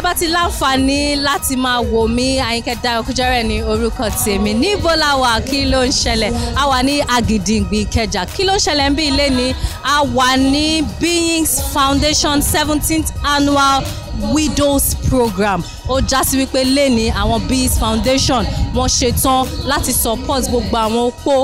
ẹ bá ti láǹfààní láti máa wò mí Àyìnkẹ́ Dayọ̀ Kújẹ́rẹ́ ní orúkọ tèmi níbo la wà kí ló ń ṣẹlẹ̀ a wà ní Àgìdìngbì Ìkẹjà kí ló ń ṣẹlẹ̀ ń bí ilé ni a wà ní Beings Foundation seventeenth annual widows program ó já sí wípé lẹ́ni àwọn bees foundation wọ́n ṣetán láti support gbogbo àwọn opó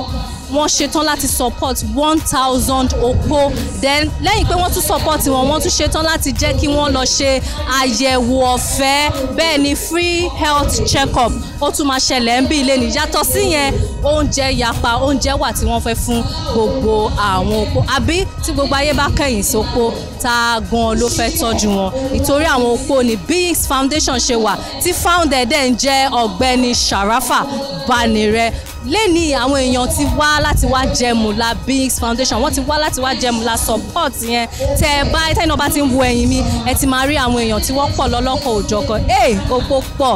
wọ́n ṣetán láti support one thousand opó then lẹ́yìn pé wọ́n tún support wọn wọ́n tún ṣetán láti jẹ́ kí wọ́n lọ ṣe àyẹ̀wò ọ̀fẹ́ bẹ́ẹ̀ ni free health check-up ó tún máa ṣẹlẹ̀ ń bí ilé ni yàtọ̀ sí yẹn oúnjẹ yapa oúnjẹ wà tí wọ́n fẹ́ fún gbogbo àwọn opó àbí tí gbogbo ayé bá kẹ̀yìn sópó tá a gan ló fẹ́ tọ́jú wọn ìtorí àwọn opó ni Beings Foundation ṣe wà tí founder dẹ̀ ń jẹ́ ọ̀gbẹ́ni Sharafa Banire lẹ́ni àwọn èèyàn ti wá láti wá Jẹmùlá Bigs Foundation wọ́n ti wá láti wá Jẹmùlá support yẹn tẹ ẹ bá tẹ́yìn náà bá ti ń wo ẹ̀yìn mi ẹ ti máa rí àwọn èèyàn tí wọ́n pọ̀ lọ́lọ́kọ̀ òjọ̀kan ẹ̀ òpó pọ̀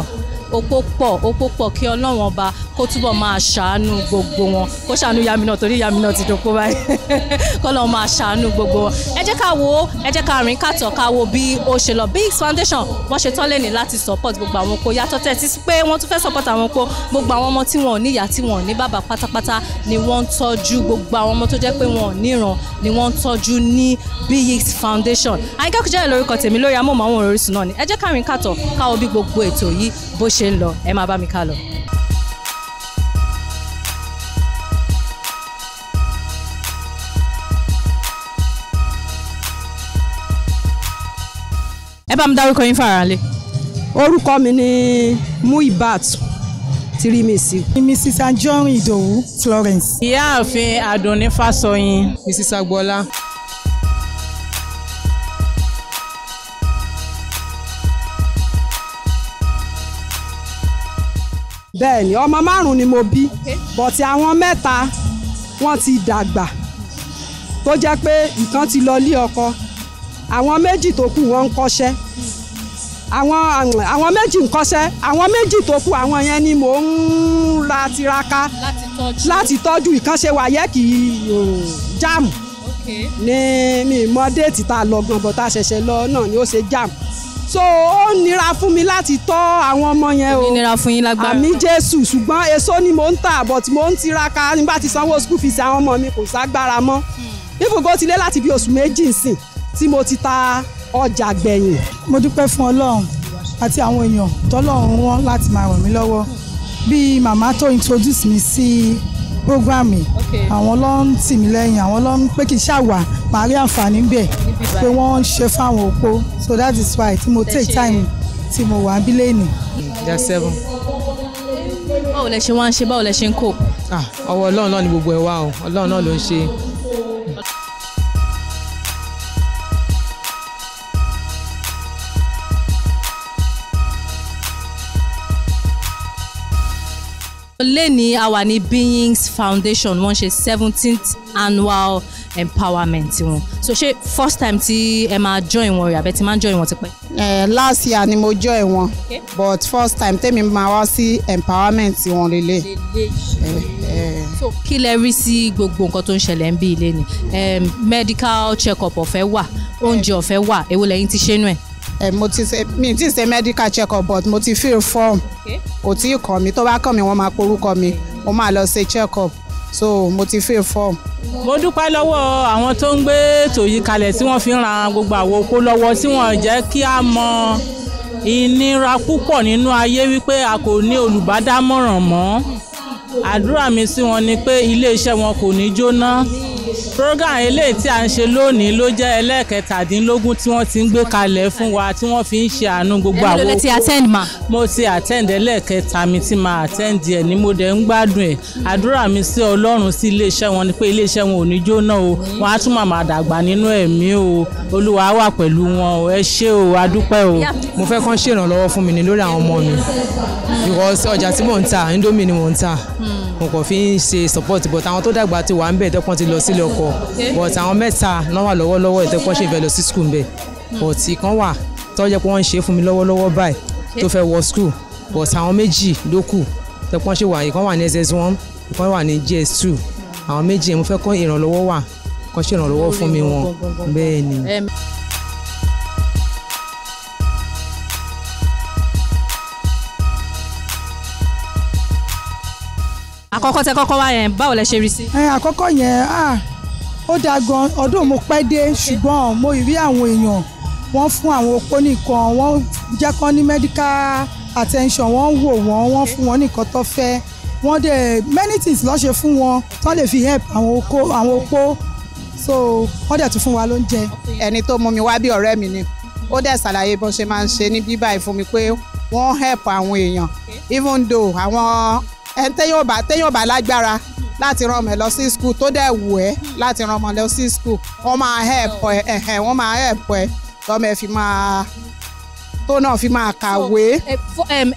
òpó pọ̀ òpó pọ̀ kí ọlọ́run ọba kó túbọ̀ máa ṣàánú gbogbo wọn kó ṣàánú yàmí náà torí yàmí náà ti dòkó báyìí kọ́lọ́ máa ṣàánú gbogbo wọn. ẹ jẹ́ ká wo ẹ jẹ́ ká rìn kàtọ̀ ká wo bí ó ṣe lọ Biggs Foundation wọ́n ṣe tán lẹ́ni láti support gbogbo àwọn oko yàtọ̀ tẹ́tí pé wọ́n tún fẹ́ support àwọn oko gbogbo àwọn ọmọ tí wọn ò ní ìyá tí wọn ní bàbá pátápátá ni wọ́n ń tọ́jú gbogbo àwọn ọmọ tó jẹ́ pé wọn ò níran ni wọ́n ń tọ́jú ní Biggs Foundation. Àyìnká Kújẹ́rẹ́ lórúkọ tèmi lórí amóhùnmáwòrán Orísun náà ni ẹ jẹ́ ká rìn kàtọ̀ ká wo bí gbogbo ètò yìí bó ṣe ń lọ ẹ máa bá mi ká lọ. ẹ bá mi dárúkọ yín fàràlẹ. orúkọ mi ni Muibat tirimisi. mrs anjorin idowu Florence. ìyáàfin adùnní fásọyìn. mrs agboola. bẹ́ẹ̀ ni ọmọ márùn-ún ni mo bí bọ̀tí àwọn mẹ́ta wọ́n ti dàgbà tó jẹ́ pé ìkan ti lọ lé ọkọ àwọn méjì tó kù wọ́n ń kọ́ṣẹ́ àwọn méjì ń kọ́ṣẹ́ àwọn méjì tó kù àwọn yẹn ni mò ń ra tiraka láti tọ́jú ìkànṣe wàyẹ́ kì í jam ní mi mọ déètì tá a lọ gan bọ́tà ṣẹ̀ṣẹ̀ lọ náà ni ó ṣe jam so ó nira fún mi láti tọ́ àwọn ọmọ yẹn o nira fún yín lágbára àmì jésù ṣùgbọ́n èso ni mò ń tà but mò ń tiraka nígbà tí sanwó school fees àwọn ọmọ mi kò ságbára mọ́ nífògó hmm. ti lé láti bí oṣù méjì sìn tí mo ti ta ọjà gbẹ̀yìn. mo dúpẹ́ fún ọlọ́run àti àwọn èèyàn tọ́lọ́run wọn láti máa ràn mí lọ́wọ́ bí màmá tó introduce mi sí program àwọn ló tì mí lẹ́yìn àwọn ló pé kí n ṣàwà màá rí àǹfààní bẹ̀ pé wọ́n ń ṣe fáwọn òpó so that is why tí mo take time tí mo wà bí lẹ́nu. seven. báwo lẹ ṣe wá ń ṣe báwo lẹ ṣe ń kó. Ah, ọwọ́ ọlọ́run náà ni gbogbo ẹ̀ wá o ọlọ́run náà ló ń ṣe. lẹ́ni a ní Beings Foundation wọ́n ṣe seventeenth annual empowerment wọn so ṣé first time ti ẹ máa join wọn rẹ àbẹ tí máa join wọn ti pẹ́. ẹ last year ni mo join wọn okay. but first time tèmi máa wá sí empowerment wọn lélẹ̀. so kí lẹ rí sí gbogbo nǹkan tó ń ṣẹlẹ̀ ń bí ilé ni medical check up ọ̀fẹ́ wà oúnjẹ ọ̀fẹ́ wà èwo lẹ́yìn ti ṣe nù ẹ̀ ẹ eh, mo ti ṣe mi ti ṣe medical check up but mo ti fill form kò tí ì kàn mí tó bá kàn mí wọ́n máa porúkọ mi mo máa lọ ṣe check up so mo ti fill form. mo dúpẹ́ lọ́wọ́ àwọn tó ń gbé ètò yìí kalẹ̀ tí wọ́n fi ran gbogbo àwọn okó lọ́wọ́ tí wọ́n jẹ́ kí a mọ ìnira púpọ̀ nínú ayé wípé a kò ní olùbádámọ̀ràn mọ́ àdúrà mi sí wọn ni pé iléeṣẹ́ wọn kò ní jóná program eléyìí tí a ń ṣe lónìí ló jẹ́ ẹlẹ́ẹ̀kẹtàdínlógún tí wọ́n ti ń gbé kalẹ̀ fún wa tí wọ́n fi ń ṣe àánú gbogbo àwọn olùkọ́. mo ti attend ẹlẹ́ẹ̀kẹta mi ti máa attend ẹ̀ ní mo dẹ̀ ń gbádùn ẹ̀ àdúrà mi sí ọlọ́run sí iléeṣẹ́ wọn ni pé iléeṣẹ́ wọn ò ní jóná o wọn á tún màmá dàgbà nínú ẹ̀mí o olúwa wà pẹ̀lú wọn o ẹ ṣé o a o. mo fẹ́ kán ṣèrànlọ́wọ́ fún mi ní lórí àwọn ọmọ mi because ọjà tí mò ń ta indomie ni mò ń ta mo kàn fi ń ṣe support but àwọn tó dàgbà ti wà ń bẹ̀ tẹ́kọ́ ti lọ sílé ọkọ but àwọn mẹ́ta náà wà lọ́wọ́lọ́wọ́ ìtẹ́kọ́ ṣe fẹ́ lọ sí school mbẹ̀ hmm. but ìkan wà tó jẹ́ pé wọ́n ń ṣe fún mi lọ́wọ́lọ́wọ́ báyìí tó fẹ́ wọ school but àwọn méjì ló kù tẹ́kọ́ ṣe wà ìkan wà ní SS1 ìkan wà ní JS2 àwọn méjì mo fẹ́ kọ́ ìrànlọ́wọ́ wà kọ́ ṣe ìrànlọ́wọ́ fún mi wọn bẹ́ẹ̀ ni. àkọ́kọ́ tẹ kọ́kọ́ wá yẹn báwo lẹ ṣe rí sí. ẹ àkọ́kọ́ yẹn ah ó dáa gan ọdún mo pẹ́ dé ṣùgbọ́n mo rí àwọn èèyàn wọ́n fún àwọn opó nìkan wọ́n jẹ́ kán ní medical attention wọ́n ń wò wọ́n wọ́n fún wọn nìkan tó fẹ́ wọ́n dẹ̀ many things lọ́ ṣe fún wọn tó lè fi help àwọn opó àwọn opó so wọ́n dẹ̀ tún fún wa lóúnjẹ. ẹni tó mú mi wá bí ọ̀rẹ́ mi ni ó dẹ̀ ṣàlàyé bó ṣe máa ń ṣe ní bíbá ìfún mi pé wọ́n help àwọn èèyàn even though àwọn ẹni tẹ́yìn ò bá tẹ́yìn ò bá lágbára láti rán ọmọ ẹ lọ sí school tó dẹ̀ wù ẹ́ láti rán ọmọ lọ sí school wọ́n máa help ẹ ẹ̀hẹ̀ wọ́n máa help ẹ tọ́mọ ẹ fi máa tó náà fi máa kàwé.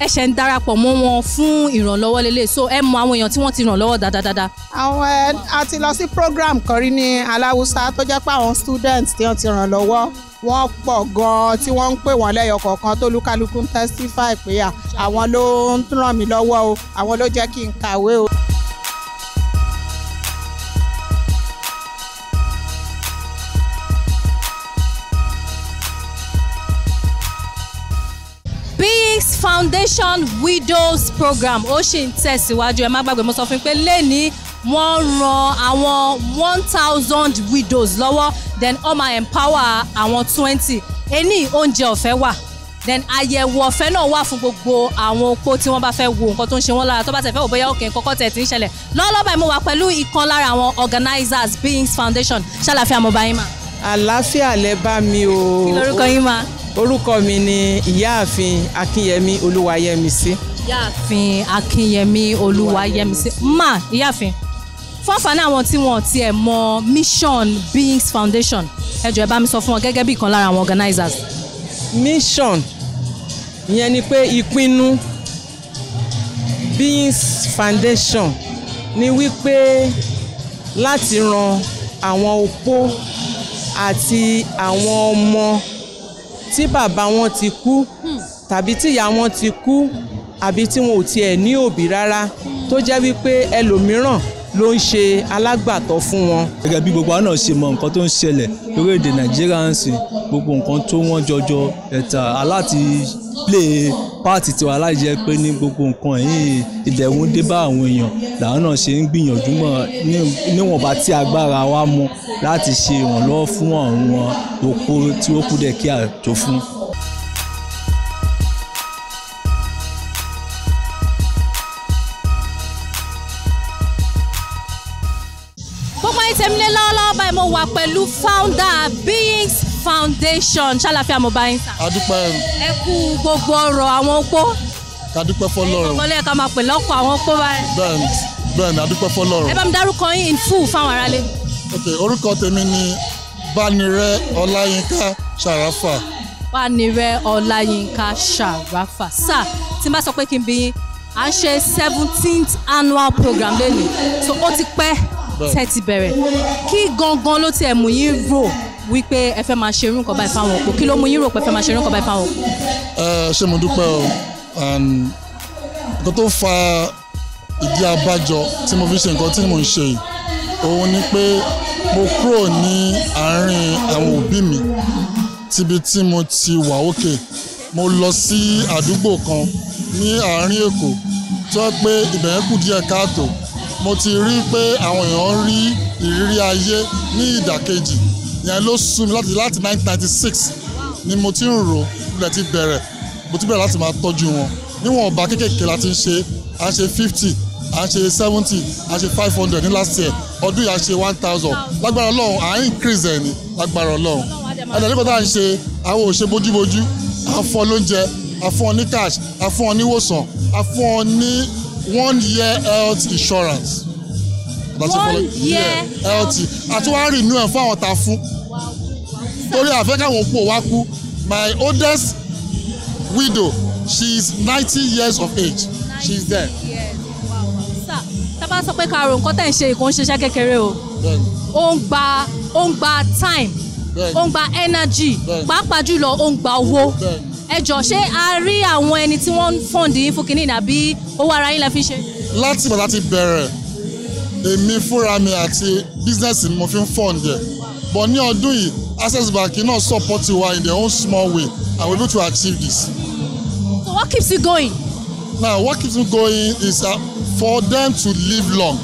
ẹ ń darapọ̀ mọ́ wọn fún ìrànlọ́wọ́ lélẹ̀ so ẹ mọ àwọn èèyàn tí wọ́n ti ràn lọ́wọ́ dáadáa. àwọn a ti lọ sí program kan rí ní aláwùsá tó jẹ́ pé àwọn students tí wọ́n ti ràn lọ́wọ́ wọ́n pọ̀ gan-an tí wọ́n ń pè wọ́n lẹ́yọ kọ̀ọ̀kan tó lúkálukú ń testify pé àwọn ló ń ràn mí lọ́wọ́ o àwọn ló jẹ́ kí n kàwé o. Foundation Widows Program ó ṣì ń tẹ̀síwájú ẹ má gbàgbé mo sọ fún yín pé lẹ́ni wọ́n ran àwọn one thousand widows lọ́wọ́ then wọ́n máa empower àwọn twenty ení oúnjẹ ọ̀fẹ́ wà then àyẹ̀wò ọ̀fẹ́ náà wà fún gbogbo àwọn opó tí wọ́n bá fẹ́ wo nǹkan tó ń ṣe wọ́n lára tó bá tẹ̀ fẹ́ wò bóyá òkè kọ́kọ́ tẹ̀ tí ń ṣẹlẹ̀ lọ́wọ́lọ́wọ́ báyìí mo wà pẹ̀lú ìkan lára àwọn organizers Beings Foundation ṣàlàfíà mo bá yín mà. àlàáfíà lẹ bá mi o. kí lorúkọ yín ma. orúkọ mi ni ìyáàfin akínyẹmí olúwayẹmísí. ìyáàfin akínyẹmí olúwayẹmísí má ìyáàfin fáfàní àwọn tí wọn ti ẹ̀ mọ Mission Beings Foundation ẹ jọ̀ọ́ ẹ bá mi sọ fún wọn gẹ́gẹ́ bí ìkan lára àwọn organizers. Mission ìyẹn ni pé ìpinnu Beings Foundation ni wípé láti ran àwọn opó àti àwọn ọmọ tí bàbá wọn ti kú hmm. tàbí tíyá wọn ti kú àbí tí wọn ò tiẹ̀ ní òbí rárá tó jẹ́ wípé ẹlòmíràn ló ń ṣe alágbàtọ́ fún wọn. gẹ́gẹ́ bí gbogbo àwọn náà ṣe mọ nǹkan tó ń ṣẹlẹ̀ lórílẹ̀‐èdè nàìjíríà ń sìn gbogbo nǹkan tó wọ́n jọjọ ẹ̀ta aláti play páàtì tiwa láì jẹ́ pé ní gbogbo nǹkan yìí ìdẹ̀rùn dé bá àwọn èèyàn làwọn náà ṣe ń gbìyànjú mọ̀ níwọ̀nba tí agbára wa mú láti ṣe ìrànlọ́wọ́ fún àwọn òpó tí ó kú dẹ̀ kí àjò fún. wà pẹ̀lú founder Beings Foundation ṣàlàfíà mo bá yín sà. adúpẹ́. ẹ kú gbogbo ọ̀rọ̀ àwọn opó. kadúpẹ́ fọlọ́run. ẹ̀yin kọ̀ọ̀kan ká máa pè lọ́kọ̀ àwọn opó báyìí. bẹ́ẹ̀ni bẹ́ẹ̀ni adúpẹ́ fọlọ́run. ẹ bá mi dárúkọ yín in full fáwọn aráalé. ok orúkọ tèmi ni Bánirẹ́ Ọláyínká Ṣàràfà. Bánirẹ́ Ọláyínká Ṣàràfà sà tí n bá sọ pé kí n bí yín à ń ṣe seventeenth annual program lónìí so ó ti pẹ́ tẹ́ ti bẹ̀rẹ̀ kí gangan ló tiẹ̀ mú yín rò wípé ẹ fẹ́ máa ṣe irú nǹkan báyìí fáwọn òpó kí ló mú yín rò pé ẹ fẹ́ máa ṣe irú nǹkan báyìí fáwọn òpó. ẹ ṣé mo dúpẹ́ o nǹkan tó fa ìdí abájọ tí mo fi ṣe nǹkan tí mo ń ṣe yìí òun ni pé mo kúrò ní àárín àwọn òbí mi tibi tí mo ti wà òkè mo lọ sí àdúgbò kan ní àárín Èkó tó pé ibẹ̀ kù díẹ̀ káàtó mo ti rí pé àwọn èèyàn ń rí ìrírí ayé ní ìdàkejì yẹn ló sún mi láti láti 1996 ni mo ti ń rò ilẹ̀ ti bẹ̀rẹ̀ mo ti bẹ̀rẹ̀ láti máa tọ́jú wọn níwọ̀n ọba kéékèèké la ti ń ṣe à ń ṣe 50 à ń ṣe 70 à ń ṣe 500 ní last year ọdún yìí à ń ṣe 1000 lágbára ọlọ́run à ń increase ẹ̀ ní lágbára ọlọ́run ẹ̀dá nípa tá à ń ṣe àwọn òṣè bójúbójú àfọ̀ lóúnjẹ àfọ̀ ní cash àfọ̀ ní wòsàn àfọ̀ ní one year health insurance one year, year health àti wàá renew ẹ̀ fún àwọn tá a fún torí àfẹ́ káwọn opó wa kú my oldest widow she is ninety years of age she is there. tábà sọ pé kàrò nǹkan tẹ̀ ń ṣe ìkó ń ṣiṣẹ́ kékeré o ó ń gba ó ń gba time ó ń gba energy pàápàá jùlọ ó ń gba owó. Bẹ́ẹ̀ni ẹ jọ ṣé a rí àwọn ẹni tí wọ́n ń fọ̀ǹdì yín fún kínní àbí owó ara yín la fi ṣe. láti bàtà ti bẹ̀rẹ̀ èmi fúnra mi àti bísínẹ́sì ni mo fi ń fọ̀ǹdì ẹ̀ but ní ọdún yìí access bank náà support wa in their own small way and we are to achieve this. so what keeps you going. now what keeps me going is uh, for them to live long.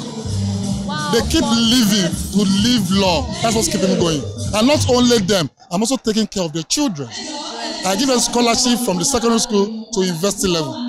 they keep living to live long that's what's keeping me going and not only them i'm also taking care of their children. I give them scholarship from the secondary school to university level.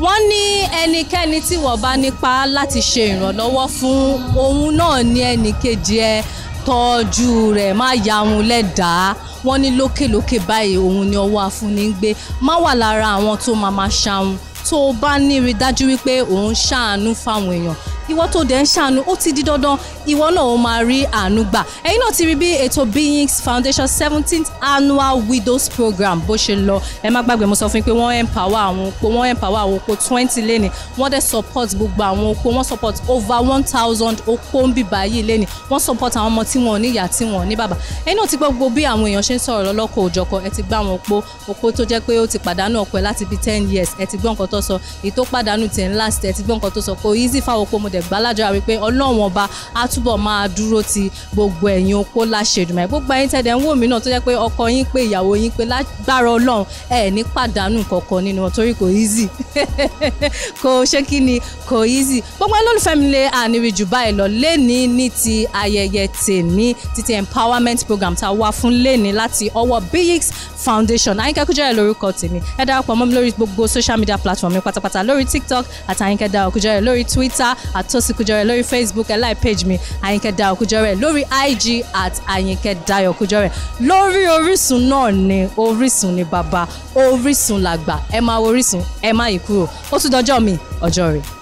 wọ́n ní ẹnikẹ́ni tí wọ́n bá nípa láti ṣe ìrànlọ́wọ́ fún òun náà ní ẹnìkejì ẹ tọ́jú rẹ̀ má ya òun lẹ́dàá wọ́n ní lókèlókè báyìí òun ni ọwọ́ afúnni ń gbé má wà lára àwọn tó máa máa ṣàwọn tó o bá ní rí dájú wípé òun ṣàánú fáwọn èèyàn ìwọ tó dẹ̀ ń ṣàánú ó ti di dandan ìwọ náà ó máa rí àánú gbà ẹ̀yin náà ti rí bí ètò Beings Foundation seventeenth annual widows program bó ṣe lọ ẹ má gbàgbé mo sọ fún yín pé wọ́n empower àwọn opó wọ́n empower àwọn opó twenty lẹ́ni wọ́n dẹ̀ support gbogbo àwọn opó wọ́n support over one thousand opó ń bíbá yìí lẹ́ni wọ́n support àwọn ọmọ tí wọ́n ní ìyá tí wọ́n ní bàbá ẹ̀yin náà ti gbọ́ gbogbo bí àwọn èèyàn ṣe ń sọ̀rọ̀ lọ́lọ́kọ̀ òjọ̀kọ̀ ẹ ti gbá àwọn opó opó tó jẹ́ ten years ẹ ti gbọ́ nǹkan tó sọ ten last ẹ ti gbọ́ nǹkan easy fáwọn opó mo dẹ̀ dẹ̀ gbàládùra wípé ọlọ́run ọba á túbọ̀ máa dúró ti gbogbo ẹ̀yin okó láṣẹ Èdùmàrè gbogbo ẹ̀yin tẹ̀dẹ̀ ń wò mí náà tó jẹ́ pé ọkọ yín pé ìyàwó yín pé lágbára ọlọ́run ẹ̀ ní pàdánù kankan nínú wọn torí kò easy kò ṣé kí ni kò easy gbogbo ẹ̀ lólùfẹ́ mi lé àníwì jù báyìí lọ léni ní ti ayẹyẹ tèmi títí empowerment program tá a wá fún léni láti ọwọ́ BX Foundation Àyìnkẹ́ Kújẹ́rẹ́ lórúkọ tèmi ẹ darapọ̀ mọ́ mi lórí gbogbo social media platform mi pátápátá lórí TikTok àti Àyìnkẹ́ Kújẹ́rẹ́ lórí Twitter àtòsí kújọrẹ lórí facebook ẹ like page mi àyìnkẹ́ dayọ̀ kújọrẹ lórí ig at àyìnkẹ́ dayọ̀ kújọrẹ lórí orísun náà ni orísun ni bàbá orísun làgbà ẹ máa wo orísun ẹ má yí kúrò ó tún dọjọ́ mi ọjọ́ rẹ̀.